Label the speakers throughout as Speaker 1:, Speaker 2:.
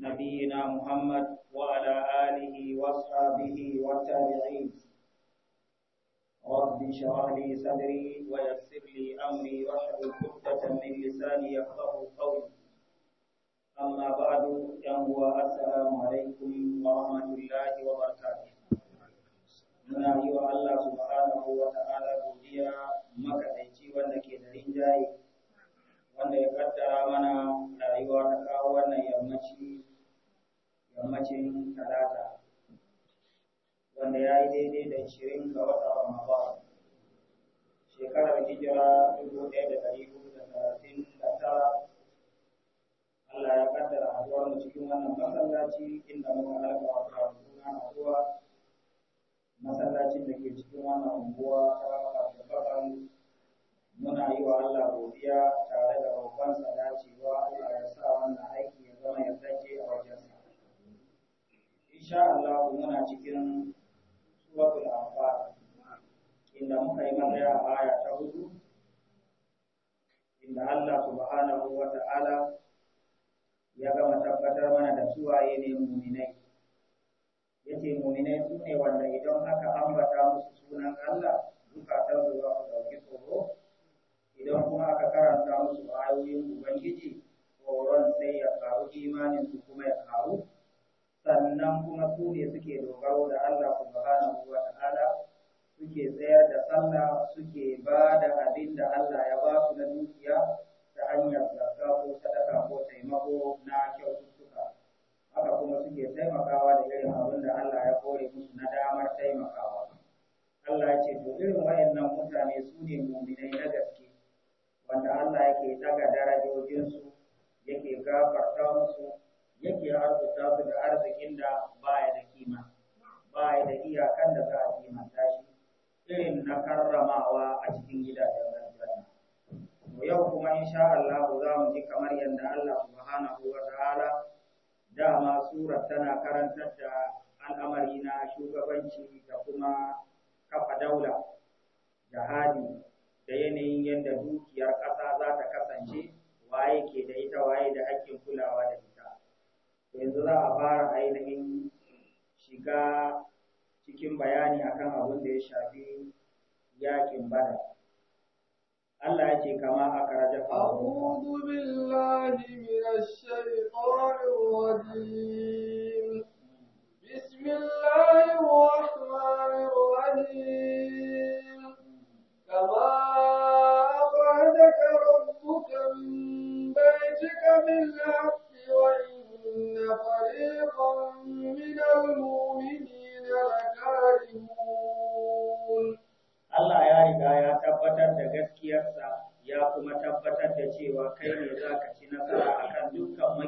Speaker 1: نبينا محمد وعلى آله وصحبه والتابعين رب اشرح لي صدري ويسر لي أمري واحلل عقدة من لساني يفقهوا قولي أما بعد ينبوى السلام عليكم ورحمة الله وبركاته muna yi wa Allah subhanahu wa ta'ala godiya makaɗaici wanda ke da rinjaye wanda ya kaddara mana rayuwa ta kawo wannan yammaci yammacin talata wanda ya yi daidai da shirin ga wata ramadan shekarar hijira dubu ɗaya da ɗari hudu da talatin da tara Allah ya kaddara haɗuwar mu cikin wannan masallaci inda muka halaka wa karatu na haɗuwa masallacin da ke cikin wannan unguwa ta Abdulbakan muna yi wa Allah godiya tare da roƙonsa dacewa Allah ya sa wannan aiki ya zama ya yardacce a wajensa insha Allah muna cikin suratul anfal inda muka yi magana a aya ta hudu inda Allah subhanahu wa ta'ala ya gama tabbatar mana da suwaye ne muminai yace muminai su wanda idan aka ambata musu sunan Allah wanda suke ba da abin da Allah ya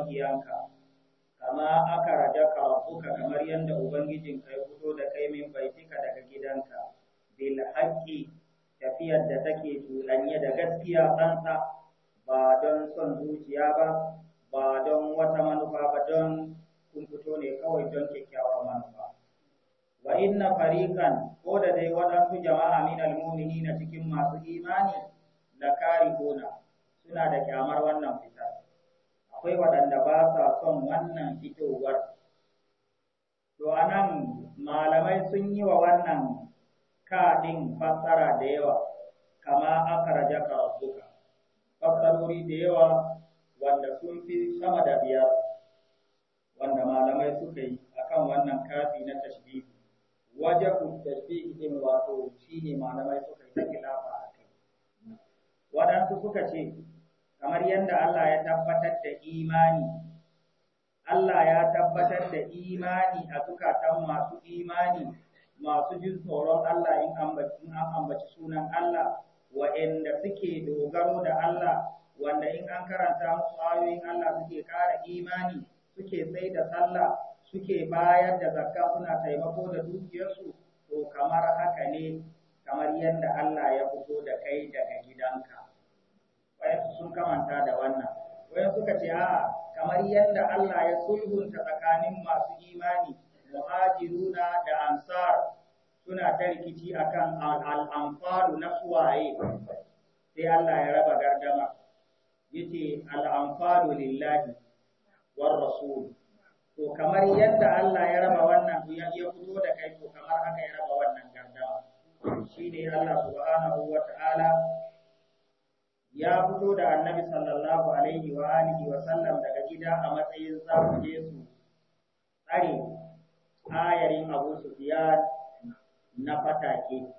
Speaker 1: makiyanka kama aka rajaka ka kamar yadda ubangijinka ya fito da kai min baitika daga gidanka bil haqqi tafiyar da take tulanye da gaskiya sansa. ba don son zuciya ba ba don wata manufa ba don kun fito ne kawai don kyakkyawar manufa wa inna fariqan ko da dai waɗansu jama'a min almu'minina cikin masu imani la karihuna suna da kyamar wannan fitar akwai waɗanda ba sa son wannan fitowar. To a nan malamai sun yi wa wannan kaɗin fassara da yawa, kama aka raja karatuka, fassarori da yawa wanda sun fi sama da biyar, wanda malamai suka yi a kan wannan kafi na tashbihi. Wajen tashbihi ɗin wato shi ne malamai suka yi ta kilafa a kai. Waɗansu suka ce, kamar yadda Allah ya tabbatar da imani Allah ya tabbatar da imani a zukatan masu imani masu jin tsoron Allah in an ambaci sunan Allah wa'inda suke dogaro da Allah wanda in an karanta musu ayoyin Allah suke ƙara imani suke sai da sallah suke bayar da zakka suna taimako da dukiyarsu to kamar haka ne kamar yadda Allah ya fito da kai daga gidanka wayansu sun kamanta da wannan wayan suka ce a kamar yadda Allah ya sulhunta tsakanin masu imani muhajiruna da ansar suna ta rikici akan al'amfalu na suwaye sai Allah ya raba gardama yace al'amfalu lillahi war rasul to kamar yadda Allah ya raba wannan ya fito da kai to kamar haka ya raba wannan gardama shine Allah subhanahu wa ta'ala ya fito da annabi sallallahu alaihi wa alihi wa sallam daga gida a matsayin za su tsare ayarin abu biya na fatake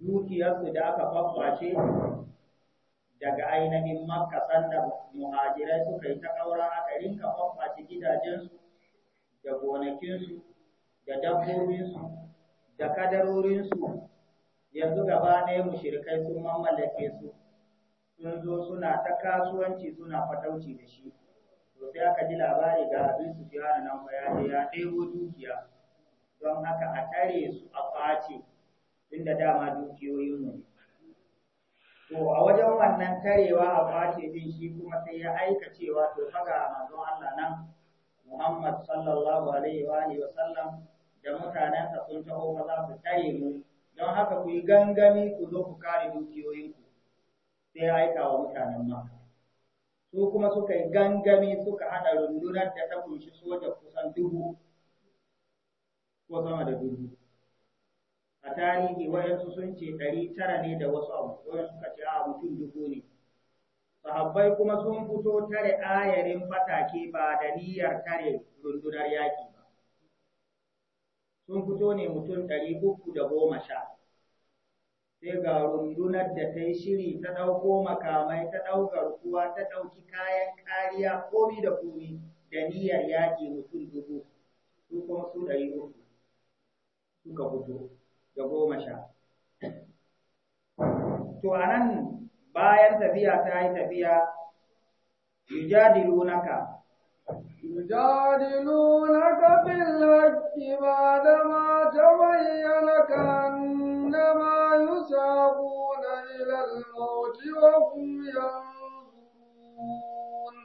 Speaker 1: dukiyarsu da aka fafwace daga ainihin makka sanda muhajirai suka yi ta ƙaura aka rinka fafwace gidajensu da gonakinsu da dabbobinsu da kadarorinsu yanzu gaba ɗaya mushirikai sun mamallake su sun suna ta kasuwanci suna fatauci da shi to sai aka ji labari ga abin su fiya nan ba ya ya ɗebo dukiya don haka a tare su a ƙwace inda dama dukiyoyin mu to a wajen wannan tarewa a face din shi kuma sai ya aika cewa to faga manzon Allah nan Muhammad sallallahu alaihi wa alihi wa da mutanensa sun taho fa za su tare mu don haka ku yi gangami ku zo ku kare dukiyoyinku sai ya aika wa mutanen Makka. Su kuma suka yi gangami suka haɗa rundunar da ta kunshi soja kusan dubu ko sama da dubu. A tarihi wayansu sun ce ɗari tara ne da wasu abu, wayansu suka ce a mutum dubu ne. Sahabbai kuma sun fito tare ayarin fatake ba da niyyar tare rundunar yaƙi ba. Sun fito ne mutum ɗari uku da goma sha. sai ga rundunar da ta yi shiri ta ɗauko makamai ta ɗaukar kuwa ta ɗauki kayan kariya komi da komi da niyyar yaƙi mutum dubu su kuma su ɗari uku suka fito da goma sha to a nan bayan tafiya ta yi tafiya yujadilunaka
Speaker 2: yujadilunaka bil haqqi ba da ma tabayyana ka annama لا إلى الموت وهم ينظرون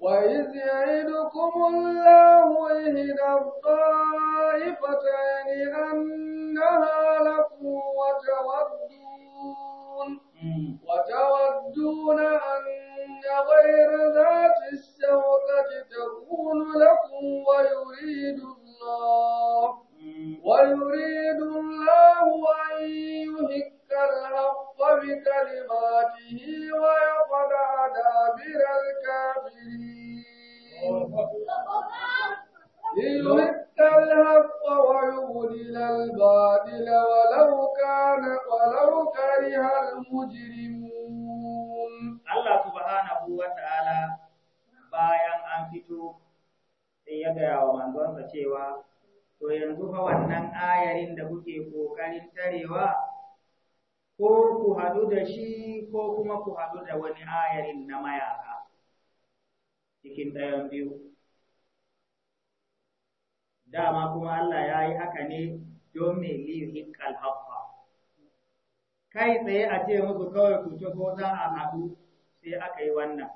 Speaker 2: وإذ يعدكم الله إهدى الطائفتين أنها لكم وتودون وتودون أن غير ذات الشوكة تكون لكم ويريد الله ويريد الله أن يهك الحق بكلماته ويقطع دابر الكافرين ليهك الحق ويبدل الباطل ولو كان ولو كره المجرمون
Speaker 1: الله سبحانه وتعالى bayan an fito sai ya gaya wa manzonsa cewa to yanzu fa wannan ayarin da kuke kokarin tarewa ko ku hadu da shi ko kuma ku hadu da wani ayarin na mayaka cikin ɗayan biyu. Dama kuma Allah ya yi haka ne don mai liyin kalhaffa. Kai tsaye a ce musu kawai ku ci ko a hadu sai aka yi wannan.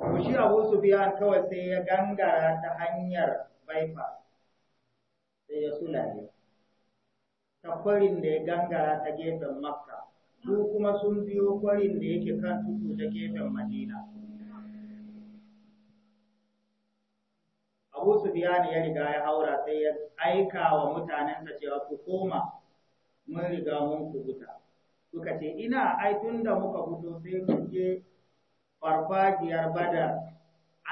Speaker 1: Ku shi Abu biya kawai sai ya gangara ta hanyar Faifa, sai ya sulale ta kwarin da ya gangara ta gefen makka su kuma sun biyo kwarin da yake kan tudu ta gefen madina abu su ya riga ya haura sai ya aika wa mutanensa cewa ku koma mun riga mun kubuta suka ce ina ai tun da muka fito sai mu je farfajiyar badar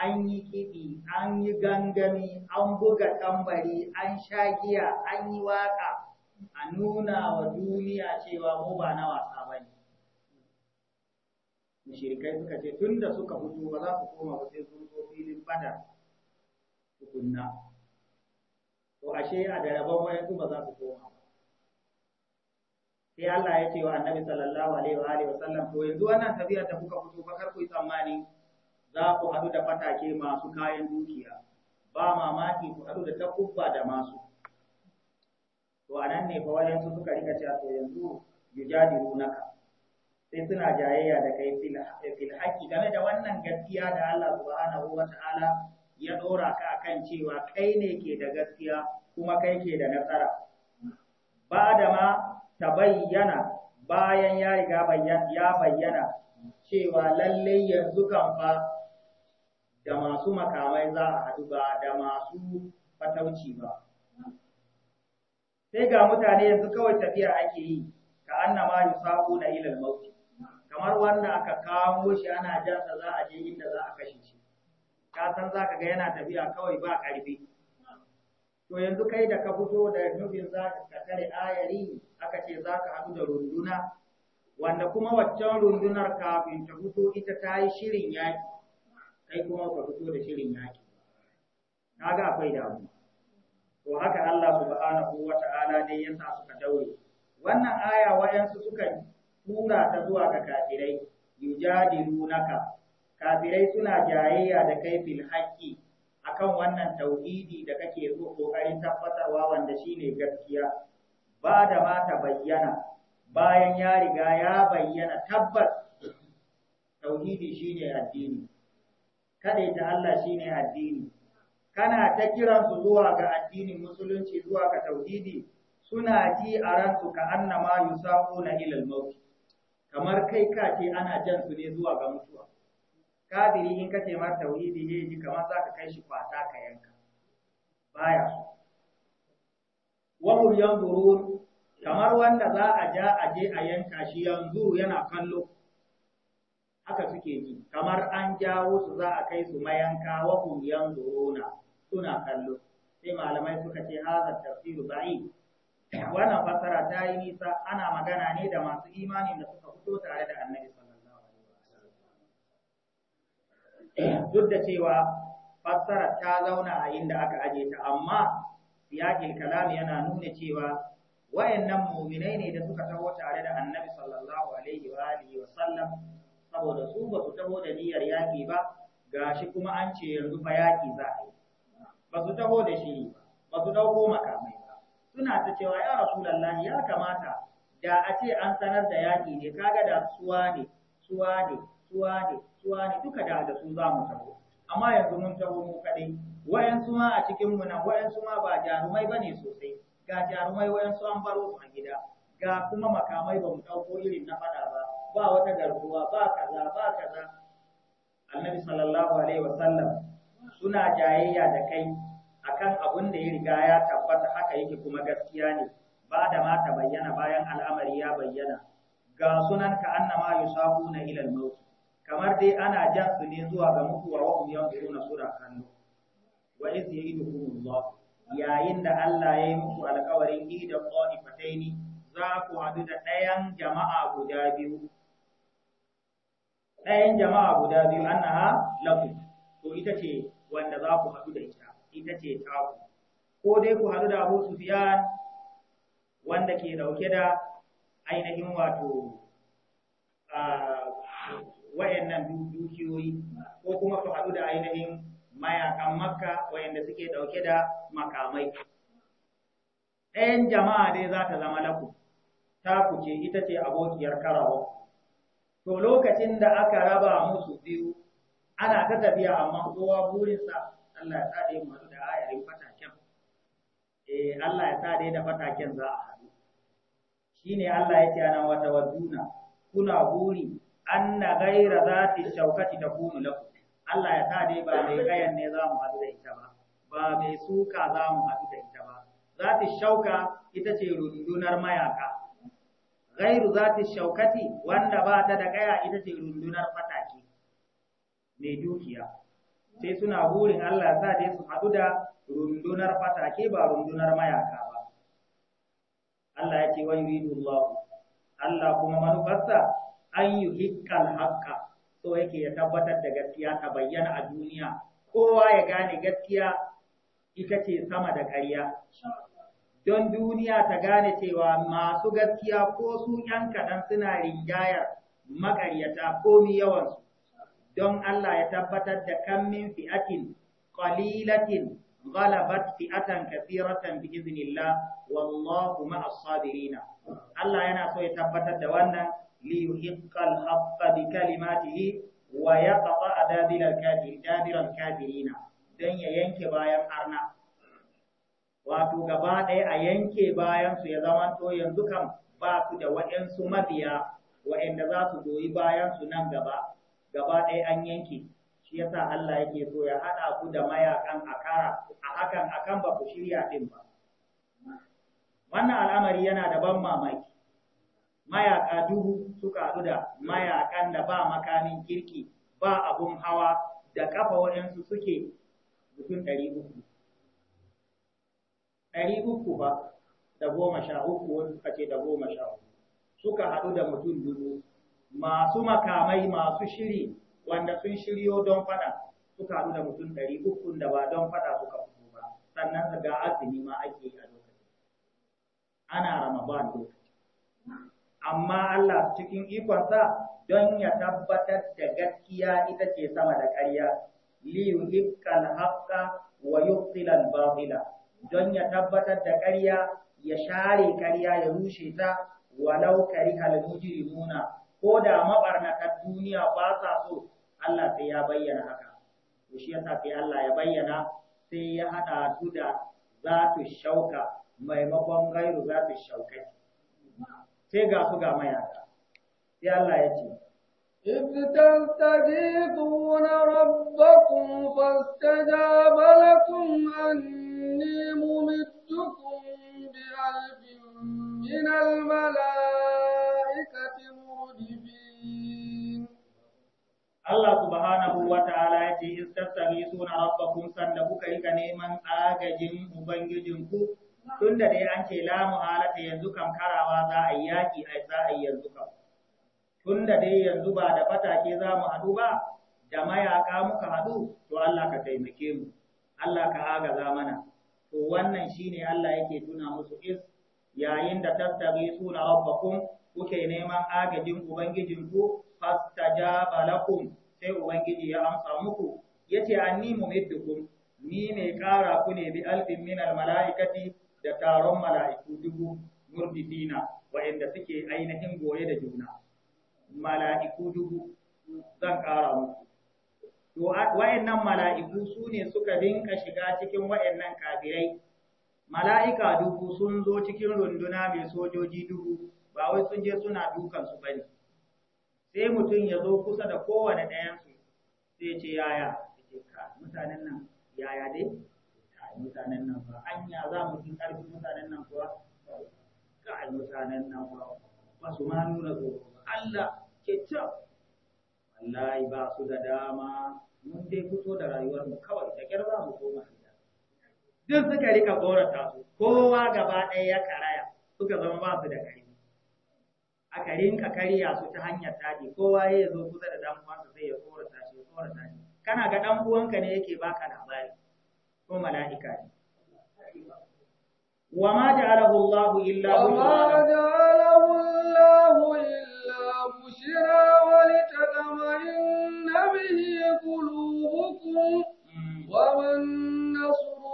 Speaker 1: an yi kiɗi, an yi gangami, an buga tambari, an sha giya, an yi waƙa, a nuna wa duniya cewa mu ba na wasa ba ne. Mushirikai suka ce tun da suka fito ba za su koma ba sai sun zo filin bada tukunna. To ashe a da rabon wayansu ba za su koma ba. Sai Allah ya ce wa Annabi sallallahu alaihi wa wa sallam to yanzu wannan tafiya da kuka fito ba kar ku yi tsammani za ku haɗu da fatake masu kayan dukiya ba mamaki ku haɗu da takubba da masu to a nan ne fa wayansu suka rika cewa to yanzu yujadilunaka sai suna jayayya da kai fil haƙi game da wannan gaskiya da Allah subhanahu ta'ala ya ɗora ka akan cewa kai ne ke da gaskiya kuma kai ke da nasara ba da ma ta bayyana bayan ya riga bayyana cewa lallai yanzu kan fa da masu makamai za a haɗu ba da masu fatauci ba sai ga mutane yanzu kawai tafiya ake yi ka annama sako na ilal mauti kamar wanda aka kawo shi ana jansa za a je inda za a kashe shi ka san za ka ga yana tafiya kawai ba ƙarfi to yanzu kai da ka fito da nufin za ka tare ayari aka ce za ka haɗu da runduna wanda kuma waccan rundunar kafin ta fito ita ta yi shirin yaƙi kai kuma ka fito da shirin yaki kaga akwai damu to haka Allah subhanahu wata'ala dai yasa suka daure wannan aya wayansu suka tura ta zuwa ga kafirai yujadilunaka kafirai suna jayayya da kai fil haqqi akan wannan tauhidi da kake so kokarin tabbatarwa wanda shine gaskiya ba da ma ta bayyana bayan ya riga ya bayyana tabbas tauhidi shine addini kaɗai ta Allah shi ne addini kana ta kiran su zuwa ga addinin musulunci zuwa ga tauhidi suna ji a ransu ka annama yusaquna na ilal kamar kai ka ce ana jan su ne zuwa ga mutuwa kafiri in ka ce mar tauhidi ne ji kamar za ka kai shi kwata ka yanka baya so wahum
Speaker 2: yanzurun
Speaker 1: kamar wanda za a ja a je a yanka shi yanzu yana kallo haka suke ji kamar an jawo su za a kai su mayanka wa hum na, suna kallo sai malamai suka ce haza tafsiru ba'i wannan fasara ta yi nisa ana magana ne da masu imani da suka fito tare da annabi sallallahu alaihi wasallam duk da cewa fassara ta zauna a inda aka aje ta amma siyakin kalami yana nuna cewa wayannan mu'minai ne da suka taho tare da annabi sallallahu alaihi wa alihi wa sallam saboda su ba su taho da niyyar yaƙi ba ga shi kuma an ce yanzu fa yaƙi za a yi ba su taho da shi ba su ɗauko makamai ba suna ta cewa ya rasulullahi ya kamata da a ce an sanar da yaƙi ne kaga da suwa ne suwa ne suwa ne suwa ne duka da da su za mu taho amma yanzu mun taho mu kaɗai wayansu ma a cikin mu nan wayansu ma ba jarumai bane sosai ga jarumai wayansu an baro su a gida ga kuma makamai ba mu ɗauko irin na faɗa ba ba wata garkuwa ba kaza ba kaza annabi sallallahu alaihi wasallam suna jayayya da kai akan abun da ya riga ya tabbata haka yake kuma gaskiya ne ba da ma ta bayyana bayan al'amari ya bayyana ga sunan ka annama yusabuna ila al-maut kamar dai ana jan su ne zuwa ga mutuwa wa hum suna sura kallo wa iz ya'idukumullah yayin da Allah ya yi muku alƙawarin idan qa'ifataini za ku haɗu da ɗayan jama'a guda biyu ɗayan jama'a guda biyu annaha lafu, to ita ce wanda za ku haɗu da ita ita ce taku ko dai ku haɗu da Abu Sufyan wanda ke dauke da ainihin wato wa'annan dukiyoyi ko kuma ku haɗu da ainihin mayakan Makka wa'anda suke dauke da makamai ɗayan jama'a dai za ta zama laku ta ku ce ita ce abokiyar karawa to lokacin da aka raba musu biyu ana ta tafiya amma kowa burinsa Allah ya sa dai mu da ayarin fataken eh Allah ya sa dai da fataken za a haɗu shine Allah ya ce wata waduna kuna buri anna ghaira zati shaukati kunu lakum Allah ya sa dai ba mai kayan ne za mu haɗu da ita ba ba mai suka za mu haɗu da ita ba zati shauka ita ce rundunar mayaka ghairu zati shaukati wanda ba ta da kaya ita ce rundunar fataki mai dukiya sai suna burin Allah sa dai su haɗu da rundunar fatake ba rundunar mayaka ba Allah ya ce wa yuridullahu Allah kuma manufarsa an yi hikkal haka, so yake ya tabbatar da gaskiya ta bayyana a duniya kowa ya gane gaskiya ita ce sama da ƙarya don duniya ta gane cewa masu gaskiya ko su ‘yan kaɗan suna rinjayar maƙaryata komi yawansu, don Allah ya tabbatar da kammin min fi'atin, ƙalilatin, ghalabat fi'atan kafiratan bi iznillah wallahu ma'as sabirina. Allah yana so ya tabbatar da wannan li yuhiqqal haqqa bi kalimatihi wa yaqta'a dabira al-kafirina don ya yanke bayan arna. wato gaba ɗaya a yanke bayan su ya zama to yanzu kan ba su da waɗansu mabiya waɗanda za su goyi bayan su nan gaba gaba ɗaya an yanke shi yasa Allah yake so ya haɗa ku da mayakan a kara a hakan akan ba ku shirya ɗin ba wannan al'amari yana da ban mamaki mayaka duhu suka haɗu da mayakan da ba makamin kirki ba abun hawa da kafa waɗansu suke mutum ɗari uku ɗari uku da goma sha uku suka da goma sha uku suka haɗu da mutum dubu masu makamai masu shiri wanda sun shiryo don fada suka haɗu da mutum ɗari uku da ba don faɗa suka fito ba sannan ga azumi ma ake yi a lokacin ana ramadan lokaci amma Allah cikin ikonsa don ya tabbatar da gaskiya ita ce sama da ƙarya li yuhiqqal haqqa wa yuqtilal batila don ya tabbatar da ƙarya ya share ƙarya ya rushe ta walau halmujiri muna ko da mabarnatar duniya ba sa so Allah sai ya bayyana haka to shi yasa sai Allah ya bayyana sai ya hada su da ta shauka maimakon gairu ta shauka sai ga su ga mayaka sai Allah ya ce
Speaker 2: إذ تستغيثون ربكم فاستجاب لكم أن إني ممدكم بألف
Speaker 1: من الملائكة
Speaker 2: مردفين
Speaker 1: الله سبحانه وتعالى يتي استستغيثون ربكم سندبك إلك نيما آججين مبنججنكم tunda dai an ce lamu halata, yanzu kam karawa za a yi yaƙi a za a yi yanzu kam tunda dai yanzu ba da fatake za mu haɗu ba da mayaka muka haɗu to Allah ka taimake mu Allah ka agaza mana to wannan shine Allah yake tuna musu is yayin da tattabi suna rabbakum kuke neman agajin ubangijinku fastajaba lakum sai ubangiji ya amsa muku yace anni mumiddukum ni ne kara ku ne bi alfin min al malaikati da taron mala'iku dubu murdifina wa'inda suke ainihin goye da juna mala'iku dubu zan kara muku to wayannan mala'iku su ne suka dinka shiga cikin wayannan kafirai mala'ika dubu sun zo cikin runduna mai sojoji dubu ba wai sun je suna dukan su bane sai mutum ya zo kusa da kowane ɗayan su sai ce yaya ka mutanen nan yaya dai Ka mutanen nan ba anya za mu ji ƙarfin mutanen nan kuwa ka mutanen nan kuwa ba su ma nuna tsoro Allah ke can wallahi ba su da dama mun dai fito da rayuwar mu kawai da girma mu koma gida duk suka rika korata su kowa gaba ɗaya ya karaya suka zama ba su da A aka ka karya su ta hanyar tadi kowa ya zo kusa da dan uwansa sai ya korata shi korata shi kana ga dan uwanka ne yake baka labari ko mala'ika ne وما جعله الله إلا وما
Speaker 2: جعله الله إلا بشرى ولتطمئن به قلوبكم وما النصر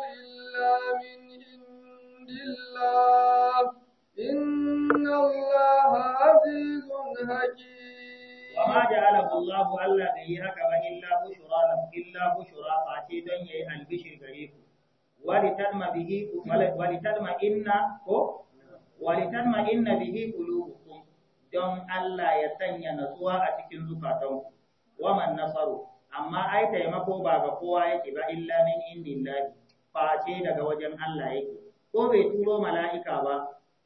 Speaker 2: إلا من عند الله إن الله عزيز حكيم
Speaker 1: وما جعله الله ألا بيهك إلا بشرى إلا بشرى فاتي دنيا البشر غريب ولتنم به ولتنم إن ولتنم إن به قلوبكم don Allah ya sanya natsuwa a cikin zukatanku. wa man nasaru amma ai taimako ba ga kowa yake ba illa min indillahi face daga wajen Allah yake ko bai turo mala'ika ba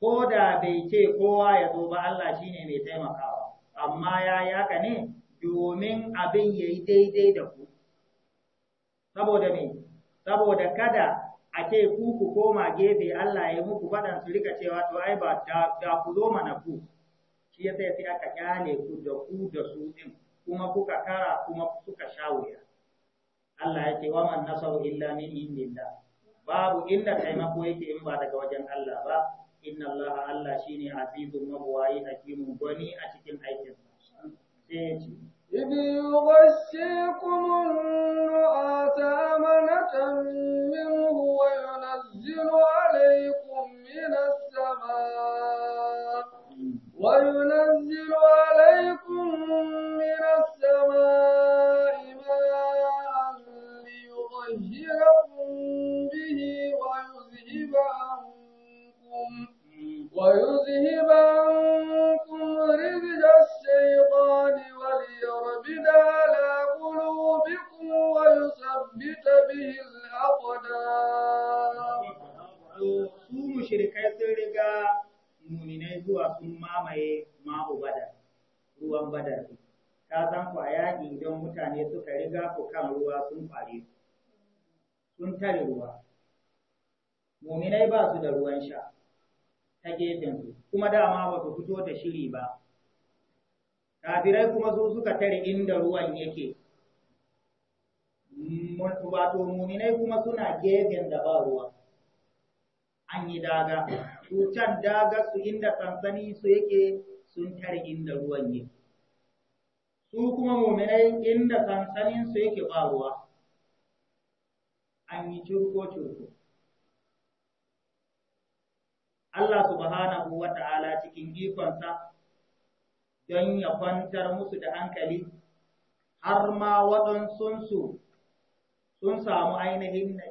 Speaker 1: ko da bai ce kowa ya zo ba Allah shine mai taimakawa amma ya yaka ne domin abin yayi daidai da ku saboda me saboda kada a ce ku ku koma gefe Allah ya muku fadan su rika cewa to ai ba da ku zo mana ku shi yasa sai aka kyale ku da ku da su din kuma kuka kara kuma kuka sha wuya Allah ya ce wa man nasaru illa min indillah babu inda taimako yake in ba daga wajen Allah ba inna Allah Allah shine azizun mabwayi hakimun gwani a cikin aikinsa sai
Speaker 2: ya ce إذ يغشيكم النعاس أمنة منه وينزل عليكم من السماء وينزل عليكم من السماء ماء ليطهركم به ويذهب عنكم ويذهب عنكم
Speaker 1: ne suka riga ku kan ruwa sun fare su, sun tare ruwa. Muminai ba su da ruwan sha ta gefensu, kuma dama ba su fito da shiri ba. Kafirai kuma su suka tare inda ruwan yake. Wato muminai kuma suna gefen da ba ruwa. An yi daga, su can daga su inda sansani su yake sun tare inda ruwan yake. su kuma muminai inda sansanin su yake faruwa, an yi turko turko Allah subhanahu wa ta'ala cikin ikonsa don ya kwantar musu da hankali har ma waɗansunsu sun samu ainihin na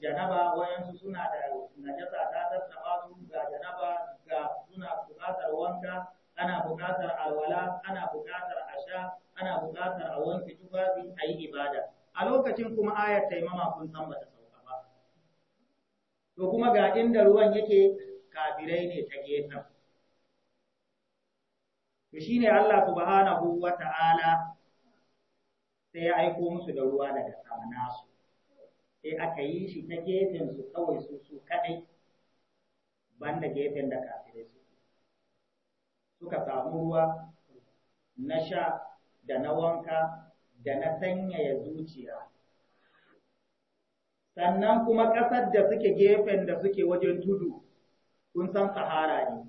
Speaker 1: janaba wayansu suna da najasa ta tattaba su ga janaba ga suna buƙatar wanka ana buƙatar alwala ana buƙatar a sha ana buƙatar a wanke tufafi a yi ibada a lokacin kuma ayar taimama kun san bata sauka ba to kuma ga inda ruwan yake kafirai ne ta gefen to shine Allah subhanahu Ta'ala sai ya aiko musu da ruwa daga sama nasu sai aka yi shi ta gefen su kawai su su kadai banda gefen da kafirai su suka samu ruwa na sha da na wanka da na sanyaya zuciya sannan kuma ƙasar da suke gefen da suke wajen tudu kun san sahara ne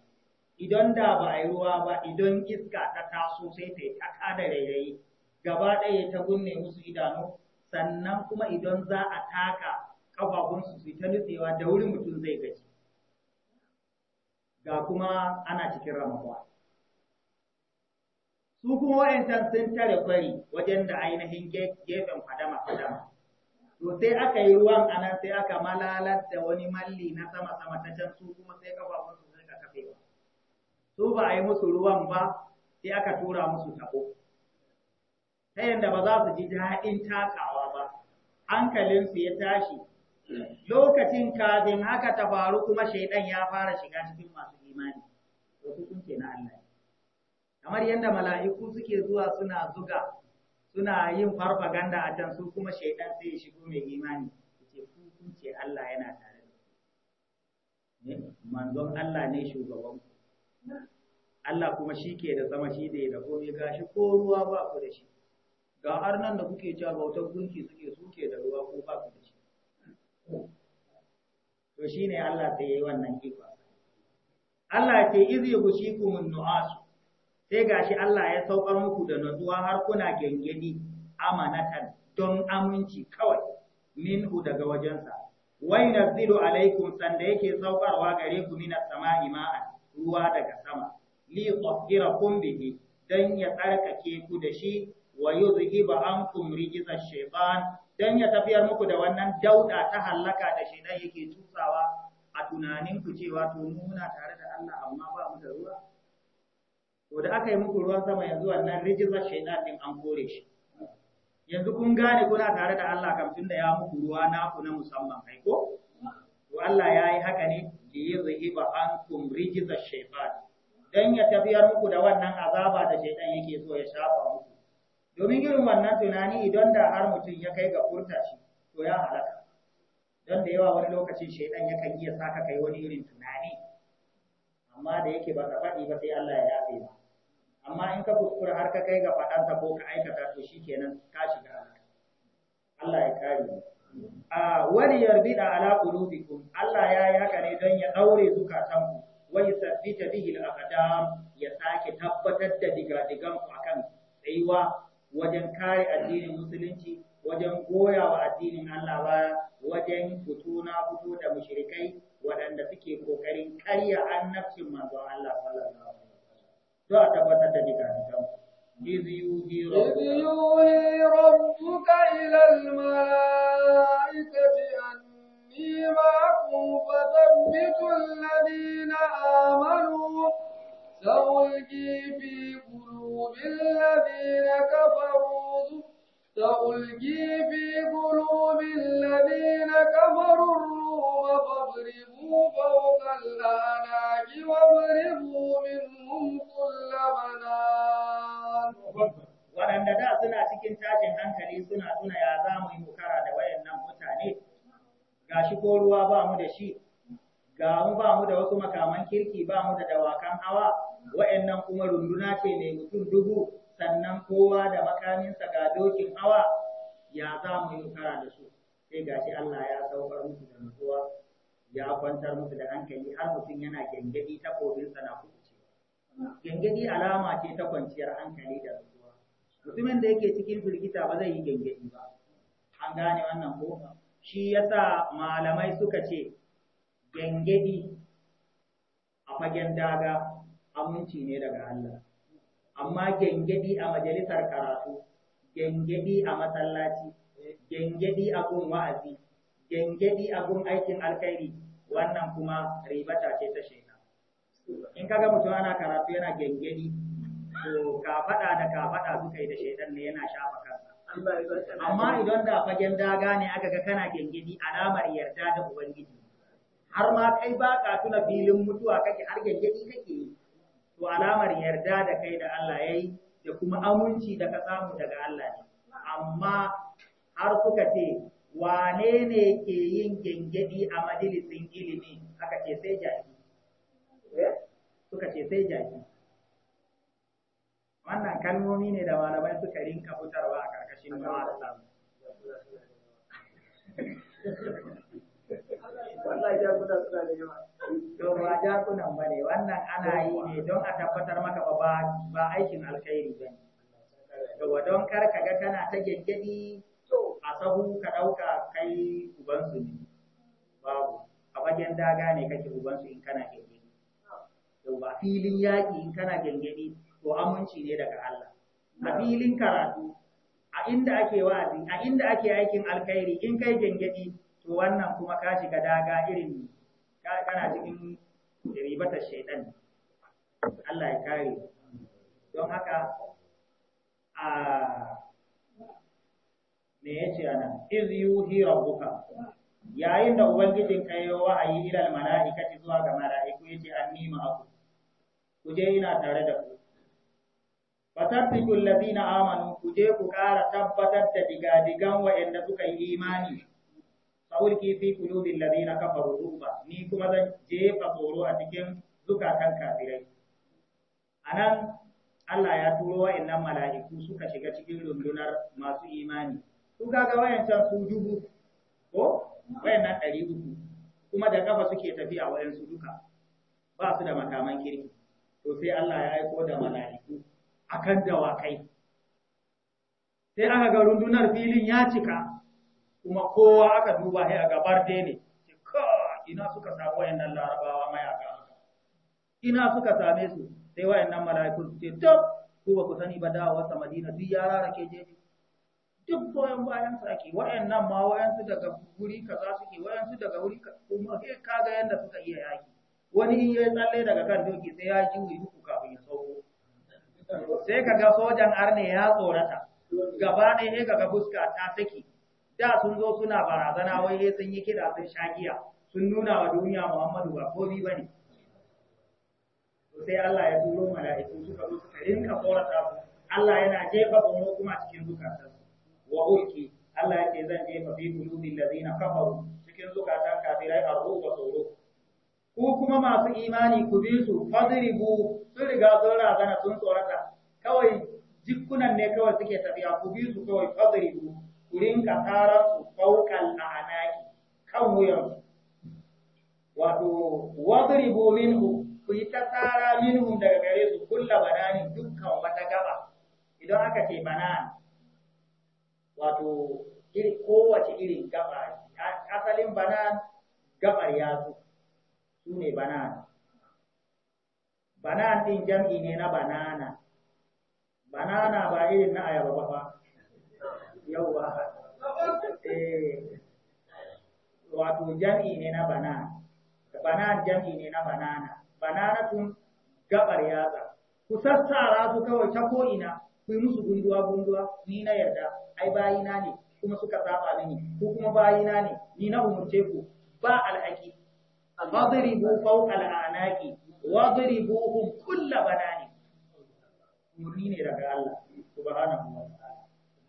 Speaker 1: idan da ba a yi ruwa ba idan iska ta taso sai ta yi ta da rairayi gaba ɗaya ta gunne musu idanu sannan kuma idan za a taka ƙafafunsu su ta nutsewa da wuri mutum zai gaji ga kuma ana cikin ramakwa. su kuma sun tare kwari wajen da ainihin gefen fadama-fadama. To sai aka yi ruwan anan sai aka malalar da wani malli na sama-sama ta can su kuma sai kafafunsu sun ka kafewa. Su ba a yi musu ruwan ba sai aka tura musu tabo. Ta yadda ba za su ji daɗin takawa ba, hankalinsu ya tashi. Lokacin kafin haka ta faru kuma shaidan ya fara shiga cikin masu imani, wasu sun na Allah. kamar yadda mala'iku suke zuwa suna zuga suna yin farfaganda a can su kuma shaidan sai ya shigo mai imani ce ku kun ce Allah yana tare da ne eh, manzon Allah ne shugaban ku Allah kuma shi ke da sama shi da da komai gashi ko ruwa ba ku da shi ga har nan da kuke cewa bautar gunki suke suke da ruwa ko ba ku da shi to shine Allah sai yayi wannan kifa Allah ce iz yughshikumun nu'asu sai gashi Allah ya saukar muku da nutsuwa har kuna gengedi amanatan don aminci kawai minhu daga wajensa wa yunzilu alaikum sanda yake saukarwa gare ku minas sama'i ma'a ruwa daga sama li yutahhirakum bihi dan ya tsarkake ku da shi wa yuzhiba ankum rijza shaytan dan ya tafiyar muku da wannan dauda ta halaka da shaytan yake tusawa a tunaninku cewa to mu muna tare da Allah amma ba mu da ruwa to da aka yi muku ruwan sama yanzu wannan rijizar shaitan din an kore shi yanzu kun gane kuna tare da Allah kam tunda ya muku ruwa na ku na musamman kai ko to Allah ya yi haka ne li yuzhiba ankum rijizar shaitan dan ya tafiyar muku da wannan azaba da shaitan yake so ya shafa muku domin irin wannan tunani idan da har mutum ya kai ga furta shi to ya halaka don da yawa wani lokacin shaitan yakan iya saka kai wani irin tunani amma da yake ba ka faɗi ba sai Allah ya yafe ba. amma in ka kuskura har ka kai ga faɗansa ko ka aikata to shikenan ka shiga Allah ya kare mu a wani yarbida ala qulubikum Allah ya yi haka ne don ya daure ku wa yusabbita bihi al-aqdam ya sake tabbatar da diga digadigan ku akan tsayuwa wajen kare addinin musulunci wajen goya wa addinin Allah baya wajen fito na fito da mushrikai waɗanda suke ƙoƙarin karya annabcin manzon Allah sallallahu alaihi wasallam to a tabbatar da dika إذ يوحي
Speaker 2: ربك إلى الملائكة أني معكم فثبتوا الذين آمنوا سألقي في قلوب الذين كفروا سألقي في قلوب الذين كفروا الروم فاضربوا فوق الأعناق واضربوا منهم كل بنان
Speaker 1: waɗanda da suna cikin tashin hankali suna tuna ya za mu yi mukara da wayannan mutane ga shi ko ruwa ba mu da shi ga mu ba mu da wasu makaman kirki ba mu da dawakan hawa wayannan kuma runduna ce mai mutum dubu sannan kowa da makaminsa ga dokin hawa ya za mu yi kara da su sai gashi Allah ya saukar musu da nutsuwa ya kwantar musu da hankali har mutum yana gyangyaɗi ta kobinsa na ce.
Speaker 2: gyangyaɗi alama
Speaker 1: ce ta kwanciyar hankali da nutsuwa mutumin da yake cikin firgita ba zai yi gyangyaɗi ba an gane wannan ko shi yasa malamai suka ce gyangyaɗi a fagen daga aminci ne daga Allah amma gengedi a majalisar karatu gengedi a masallaci gengedi a gun wa'azi gengedi a gun aikin alkairi wannan kuma ribata ce ta shekara in ka ga mutum ana karatu yana gengeni to ka faɗa da ka faɗa suka yi da shaidan ne yana shafa kansa amma idan da fagen daga ne aka ga kana gengeni alamar yarda da ubangiji har ma kai ba ka tuna filin mutuwa kake har gengeni kake yi to alamar yarda da kai da Allah yayi da kuma aminci da ka samu daga Allah ne amma har kuka ce wane ne ke yin gengedi a majalisin ilimi aka ce sai jaki eh? suka ce sai jaki wannan kalmomi ne da malamai suka rinka fitarwa a karkashin ma'arasa wallahi ya guda suna da yawa to ba jakunan ba ne wannan ana yi ne don a tabbatar maka ba ba aikin alkhairi ba ne yawa don kar ka ga kana ta gyangyadi a sahu ka ɗauka kai ubansu ne babu a fagen daga ne kake ubansu in kana gyangyadi yawa filin yaƙi in kana gyangyadi to aminci ne daga Allah a filin karatu a inda ake wa'azi a inda ake aikin alkhairi in kai gyangyadi to wannan kuma ka shiga daga irin kana cikin ribatar shaidan Allah ya kare don haka a me yace ana iz yuhi rabbuka yayin da ubangijin kai yi wa'ayi ila malaikati zuwa ga malaiku yace anni ma'akum ku je ina tare da ku fatabbitu alladhina amanu ku je ku kara tabbatar da digadigan wa'anda suka yi imani awulki fi qulubil ladina kafaru ruba ni kuma zan jefa tsoro a cikin zukatan kafirai anan Allah ya turo wa'annan mala'iku suka shiga cikin rundunar masu imani su kaga wayancan su dubu ko wayannan ɗari uku kuma da kafa suke tafiya wayansu duka ba su da makaman kirki to sai Allah ya aiko da mala'iku akan dawakai sai aka ga rundunar filin ya cika kuma kowa aka duba sai a gabar dai ne ka ina suka samu wayannan larabawa mayaka ina suka same su sai wayannan mala'iku su ce to ku ba ku sani ba da sa Madina duk yara rake je duk boyan bayan su ake nan ma wayansu daga guri kaza suke wayansu daga wuri kuma sai kaga yanda suka iya yaki wani ya tsalle daga kan doki sai ya ji wuyi ku kafin ya sauko sai kaga sojan arne ya tsorata gaba ɗaya sai kaga fuska ta saki da sun zo suna barazana wai sun yi kira sun sha giya sun nuna wa duniya Muhammadu ba bi ba ne. Sai Allah ya turo mala'iku suka zo suka rinka korata su, Allah yana jefa mu kuma cikin zukata Wa ulki, Allah yake zan jefa fi kulubin lazina kafaru cikin zukatan kafirai a ruba tsoro. Ku kuma masu imani ku bi su, fadribu sun riga sun razana sun tsorata, kawai jikunan ne kawai suke tafiya ku bi su kawai fadribu rinka tsarar su faukan a anaki kan wuyansu wato wadribu minhu ku yi ta tsara minhum daga gare su kulla banani dukkan wata gaba idan aka ce banan wato iri kowace irin gaba asalin banan gabar ya su ne banan banan din jam'i ne na banana banana ba irin na ayaba ba yauwa wato jam'i ne na banana banana jam'i ne na banana bananatun gabar yatsa ku sassara su kawai ta ko'ina ku yi musu gunduwa gunduwa ni na yarda ai bayina ne kuma suka saba mini ku kuma bayina ne ni na umurce ku ba alhaki fadribu fawqa al'anaqi wadribuhum kull banani murni ne daga
Speaker 2: Allah subhanahu wa ta'ala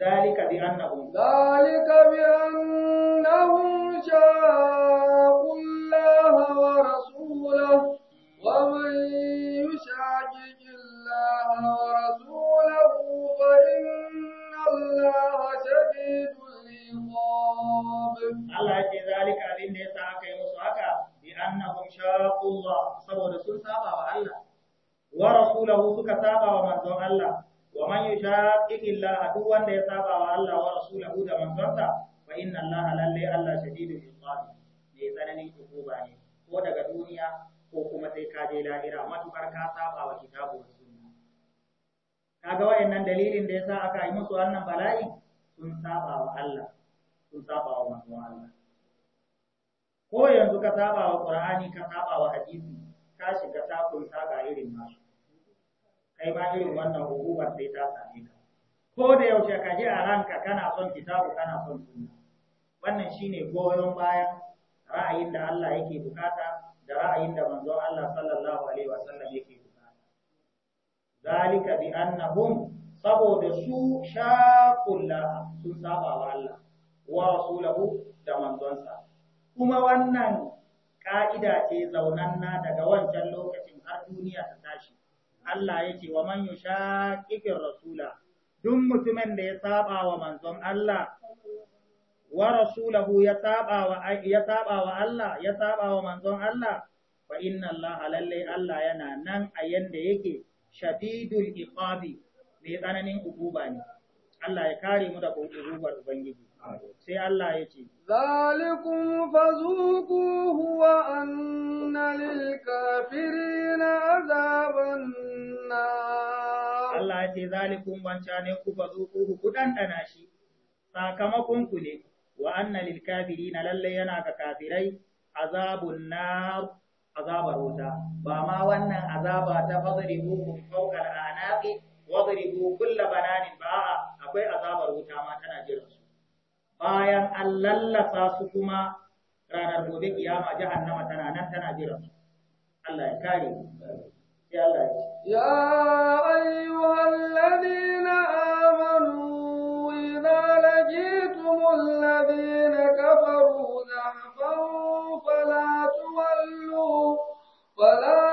Speaker 1: ذلك بأنهم
Speaker 2: ذلك بأنهم شاقوا الله ورسوله ومن يشاجج الله ورسوله فإن الله شديد العقاب الله
Speaker 1: ذلك أبين ديسا أكي مسوكا بأنهم شاقوا الله سبو رسول سابا الله ورسوله سكا سابا ومن الله wa man yushaqiqi Allah duk wanda ya saba wa Allah wa rasulahu da manzonsa fa inna Allah lalle Allah shadidul iqab ne tsananin hukuma ne ko daga duniya ko kuma sai ka je lahira matukar ka saba wa kitabu wa sunna kaga wayannan dalilin da yasa aka yi musu wannan bala'i sun saba wa Allah sun saba wa manzon Allah ko yanzu ka saba wa Qur'ani ka saba wa hadisi ka shiga takun saba irin nasu kai ba irin wannan hukumar sai ta same ka ko da yaushe ka ji a ranka kana son kitabu kana son sunna wannan shine goyon bayan ra'ayin da Allah yake bukata da ra'ayin da manzo Allah sallallahu alaihi wasallam yake bukata zalika bi annahum saboda su shaqulla sun saba wa Allah wa rasulahu da manzonsa kuma wannan ka'ida ce zaunanna daga wancan lokacin har duniya ta tashi Allah yake wa man yushaqiqir rasula duk mutumin da ya saba wa manzon Allah wa rasulahu ya saba wa ya saba wa Allah ya saba wa manzon Allah fa inna Allah lalle Allah yana nan a yanda yake shadidul iqabi mai tsananin ukuba ne Allah ya kare mu da ukubar ubangiji sai Allah ya ce
Speaker 2: zalikum fazuquhu wa anna na kafirina azaban Allah
Speaker 1: ya ce Zalikun banca ne ku fazuku ku ɗanɗana shi sakamakon ku ne wa anna kafiri na lallai yana ga kafirai azabun na azabar wuta ba ma wannan azaba ta fadribu fawqa al-anaqi wadribu kull bananin ba akwai azabar wuta ma tana jira
Speaker 2: bayan an
Speaker 1: lallasa su kuma ranar gobe kiyama jahannama tana nan tana jira Allah ya kare ya Allah
Speaker 2: ya ayyuhal ladina amanu idza lajitumul ladina kafaru zahfan fala tuwallu
Speaker 1: fala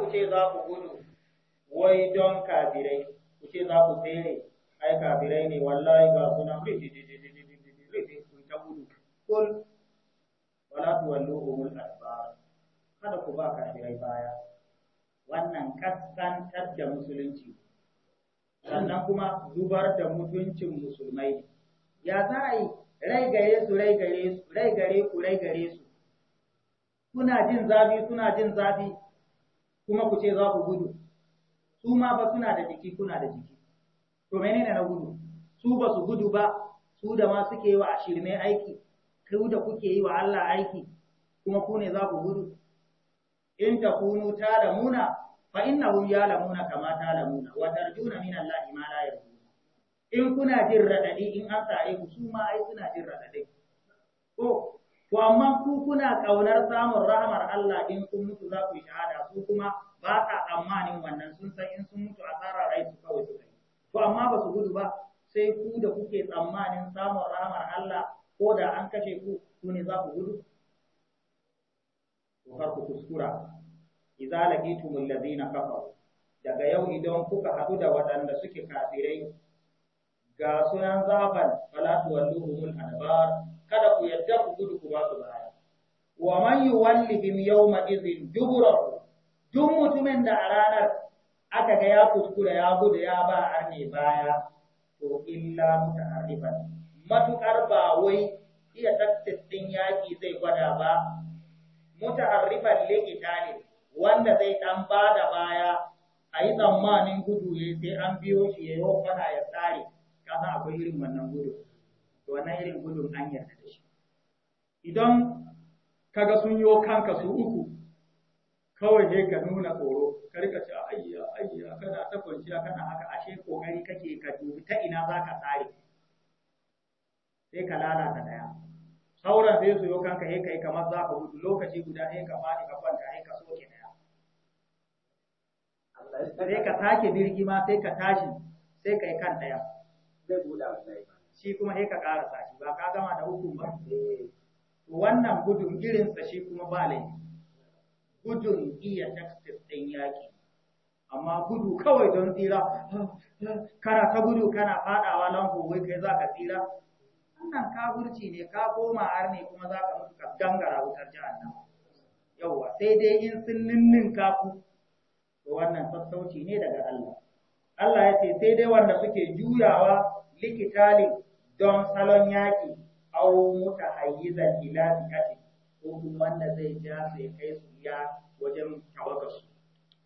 Speaker 1: ku ce za ku gudu wai don kabirai. ku ce za ku tsere ai kabirai ne wallahi ga suna ta
Speaker 2: gudu kul
Speaker 1: wala tuwalluhumul adbar kada ku ba kabirai baya wannan kaskantar da musulunci sannan kuma zubar da mutuncin musulmai ya za a yi rai gare su rai gare su rai gare ku rai gare su kuna jin zafi kuna jin zafi kuma ku ce za ku gudu su ma ba suna da jiki kuna da jiki to menene na gudu su ba su gudu ba su da ma suke yi wa ashirme aiki kai da kuke yi wa Allah aiki kuma ku ne za ku gudu in takunu muna fa la muna kama ta muna wa tarjuna min Allah ma la yarjuna in kuna jin radadi in an tsare ku su ma ai suna jin radadi ko To amma ku kuna ƙaunar samun rahamar Allah in kun mutu za ku yi shahada ku kuma ba sa tsammanin wannan sun san in sun mutu asarar rai su kawai su yi. amma ba su gudu ba sai ku da kuke tsammanin samun rahamar Allah ko da an kashe ku ku ne za ku gudu. To ku kuskura. Idza laqitumul ladina kafaru daga yau idan kuka hadu da waɗanda suke kafirai ga sunan zaban fala humul adbar kada ku yarda ku gudu ku ba su baya wa man yuwallihim yawma idhin duburahu duk mutumin da a ranar aka ga ya kuskura ya gudu ya ba arne baya to illa muta'arriban matukar ba wai iya tattattin yaƙi zai gwada ba muta'arriban liqitalin wanda zai dan bada baya a yi tsammanin gudu ya sai an biyo shi ya yi ya tsare kana akwai irin wannan gudu to wannan irin gudun an yarda da shi idan kaga sun yo kanka su uku kawai sai ka nuna tsoro ka rika ce ayya ayya kana ta kwanciya kana haka ashe kokari kake ka dubi ta ina zaka tsare sai ka lalata daya sauran sai su yo kanka sai kai kamar za ka gudu lokaci guda sai ka fadi ka kwanta sai ka soke daya sai ka sake birgima sai ka tashi sai kai kan daya zai buɗa wallahi shi kuma sai ka karasa shi ba ka gama da uku ba wannan gudun irinsa shi kuma ba laifi gudun iya taksis ɗin yaƙi amma gudu kawai don tsira kana ka gudu kana faɗawa lanho wai kai za ka tsira wannan ka kafurci ne ka koma har ne kuma za ka mutu ka gangara wutar jahannama yawwa sai dai in sun ninnin kafu to wannan sassauci ne daga Allah Allah ya ce sai dai wanda suke juyawa likitalin don salon yaƙi au muta hayyizan ila zikati ko kuma wanda zai ja sai kai su ya wajen su,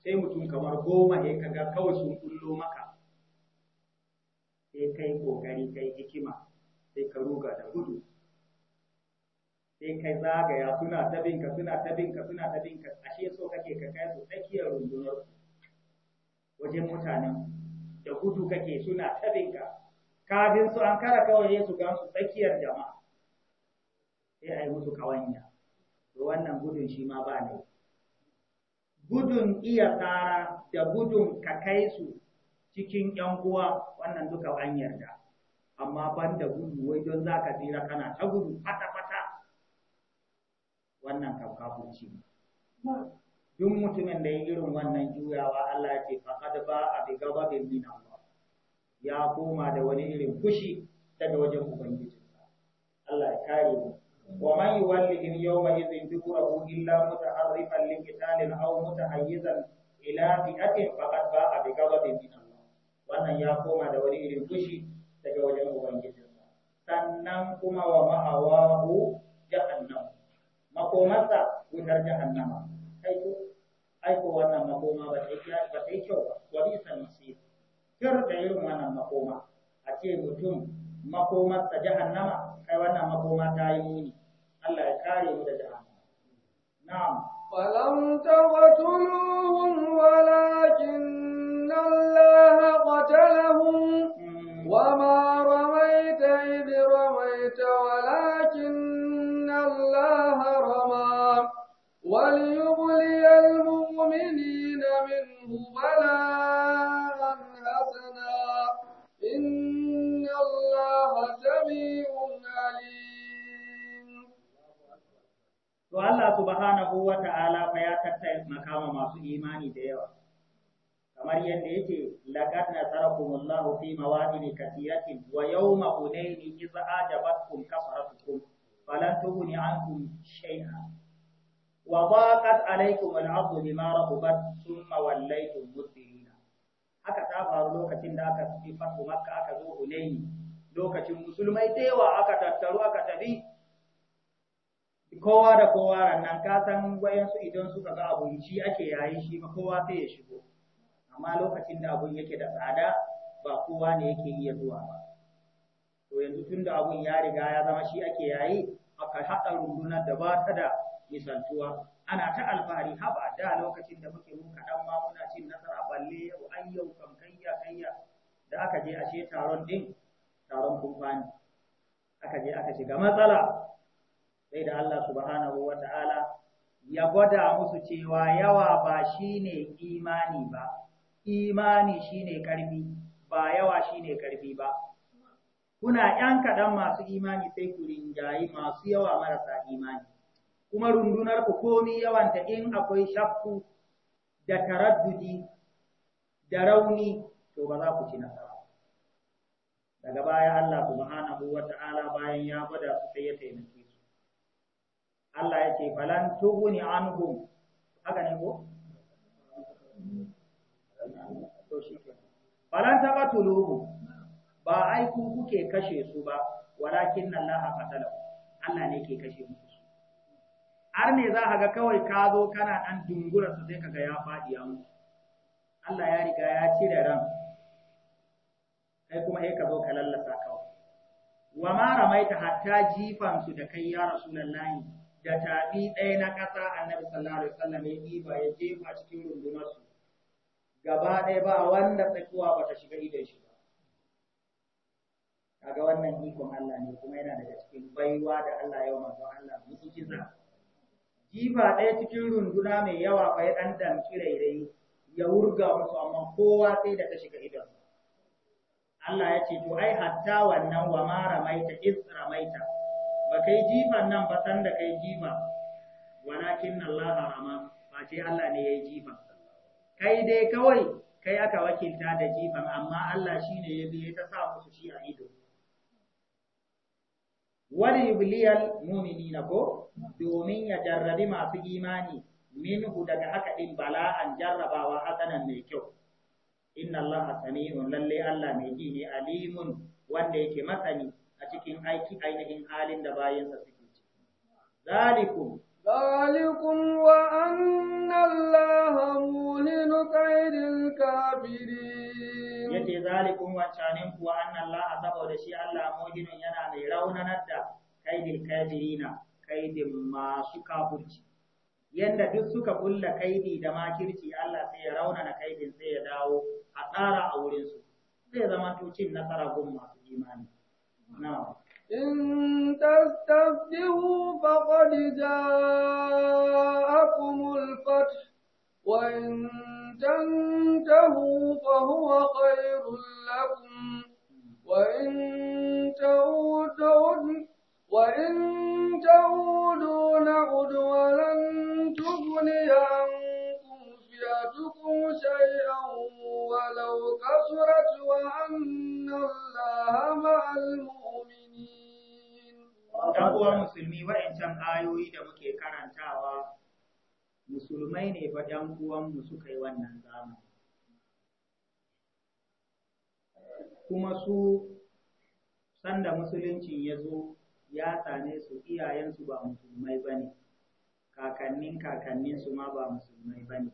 Speaker 1: sai mutum kamar goma ya kaga kawai sun kullo maka sai kai kokari kai hikima sai ka ruga da gudu sai kai zagaya suna ta binka suna ta binka suna ta binka ashe so kake ka kai su tsakiyar rundunar wajen mutanen da gudu kake suna ta binka kafin su an kara kawai su gansu tsakiyar jama'a sai a yi musu kawanya to wannan gudun shi ma ba ne gudun iya tsara da gudun ka kai su cikin yan uwa wannan duka an yarda amma ban da gudu wai don za ka tsira kana ta gudu fata-fata wannan kafkafurci duk mutumin da ya irin wannan juyawa Allah ya ce faqad ba a bi gaba bin min Allah ya koma da wani irin fushi daga wajen ubangijinsa Allah ya kare mu wa man yuwallihim yawma idhin dubuhu illa mutaharrifan qitalin aw mutahayyizan ila fi'atin faqad ba'a bi ghadabin min Allah wannan ya koma da wani irin fushi daga wajen ubangijinsa sannan kuma wa ma'awahu jahannam makomarsa wutar jahannama kai ko ai ko wannan makoma ba ta yi kyau ba wa bisa nasir kir da irin wannan makoma a ce mutum makomarsa jahannama kai wannan makoma ta yi muni Allah ya kare mu da
Speaker 2: jahannama na'am falam taqtuluhum walakin Allah qatalahum وما رميت إذ رميت walakin الله
Speaker 1: subhanahu wa ta'ala fa ya tattaya makama masu imani da yawa kamar yadda yake laqad nasarakumullahu fi mawadin katiratin wa yawma hunaini idza ajabatkum kasratukum falan tughni ankum shay'a wa daqat alaykum al bima rahabat thumma wallaytum mudbirina haka ta faru lokacin da aka fi fatu makka aka zo hunaini lokacin musulmai da yawa aka tattaru aka tafi kowa da kowa rannan ka san su idan suka ga abun shi ake yayin shi ba kowa sai ya shigo amma lokacin da abun yake da tsada ba kowa ne yake iya zuwa ba to yanzu tun da abun ya riga ya zama shi ake yayi aka haɗa rundunar da ba ta da misaltuwa ana ta alfahari haba da lokacin da muke mun kaɗan ma muna cin nasara balle yau an yau kam kayya kayya da aka je ashe taron ɗin taron kumfani aka je aka shiga matsala sai da Allah subhanahu wa ta'ala ya gwada musu cewa yawa ba shine imani ba imani shine karfi ba yawa shine karfi ba kuna ‘yan kaɗan masu imani sai ku rinjayi masu yawa marasa imani, kuma rundunar ku komi yawanta in akwai shakku da taraddudi da rauni to ba za ku ci nasara. Daga baya Allah subhanahu wa ta'ala bayan ya gwada su sai ya taimaki Allah ya ce falan tuguni anhum haka ne ko to ta falan ba ai ku kuke kashe su ba walakin Allah qatala Allah ne ke kashe mu har ne za ka ga kawai ka zo kana dan dungura su sai kaga ya fadi ya mutu Allah ya riga ya da ran kai kuma sai ka zo ka lallasa kawai wa ma ramaita hatta jifan su da kai ya rasulullahi da tafi ɗaya na ƙasa annabi sallallahu alaihi wasallam ya ɗiba ya jefa cikin su. gaba ɗaya ba wanda tsakuwa ba ta shiga idon shi ba kaga wannan ikon Allah ne kuma yana daga cikin baiwa da Allah yau manzon Allah mu'jiza jifa ɗaya cikin runduna mai yawa fa ya ɗan damki rairayi ya wurga musu amma kowa sai da ta shiga idon Allah ya ce to ai hatta wannan wa ma ramaita iz ramaita ba kai jifan nan ba sanda da kai jifa walakin Allah rama ba ce Allah ne yayi jifa kai dai kawai kai aka wakilta da jifan amma Allah shine ya biye ta sa musu shi a ido wani mumini mu'minina ko domin ya jarrabi masu imani minhu daga haka din bala'an jarrabawa hasanan mai kyau inna Allah sami'un lalle Allah mai ji ne alimun wanda yake masani a cikin aiki ainihin halin da bayansa suke ciki. Zalikum
Speaker 2: ذلكم وأن الله موهن ka'idin الكافرين yace zalikum
Speaker 1: wancanin kuwa anna Allah saboda shi Allah muhinun yana mai raunanar da kaidil kafirina kaidin masu kafirci yanda duk suka kulla kaidi da makirci Allah sai ya raunana kaidin sai ya dawo a tsara a wurinsu. zai zama tucin nasara gun masu imani
Speaker 2: إن تستفتحوا فقد جاءكم الفتح وإن تنتهوا فهو خير لكم وإن تعودون وإن تعودون نعد ولن تغني عنكم تُخْفُوا شَيْئًا وَلَوْ كَثُرَتْ وَأَنَّ اللَّهَ مَعَ الْمُؤْمِنِينَ
Speaker 1: Dan uwan musulmi wa'ancan ayoyi da muke karantawa musulmai ne fa ɗan uwanmu suka yi wannan zamani. Kuma su sanda musuluncin ya zo ya same su iyayensu ba musulmai ba ne. kakannin kakannin su ma ba musulmai ba ne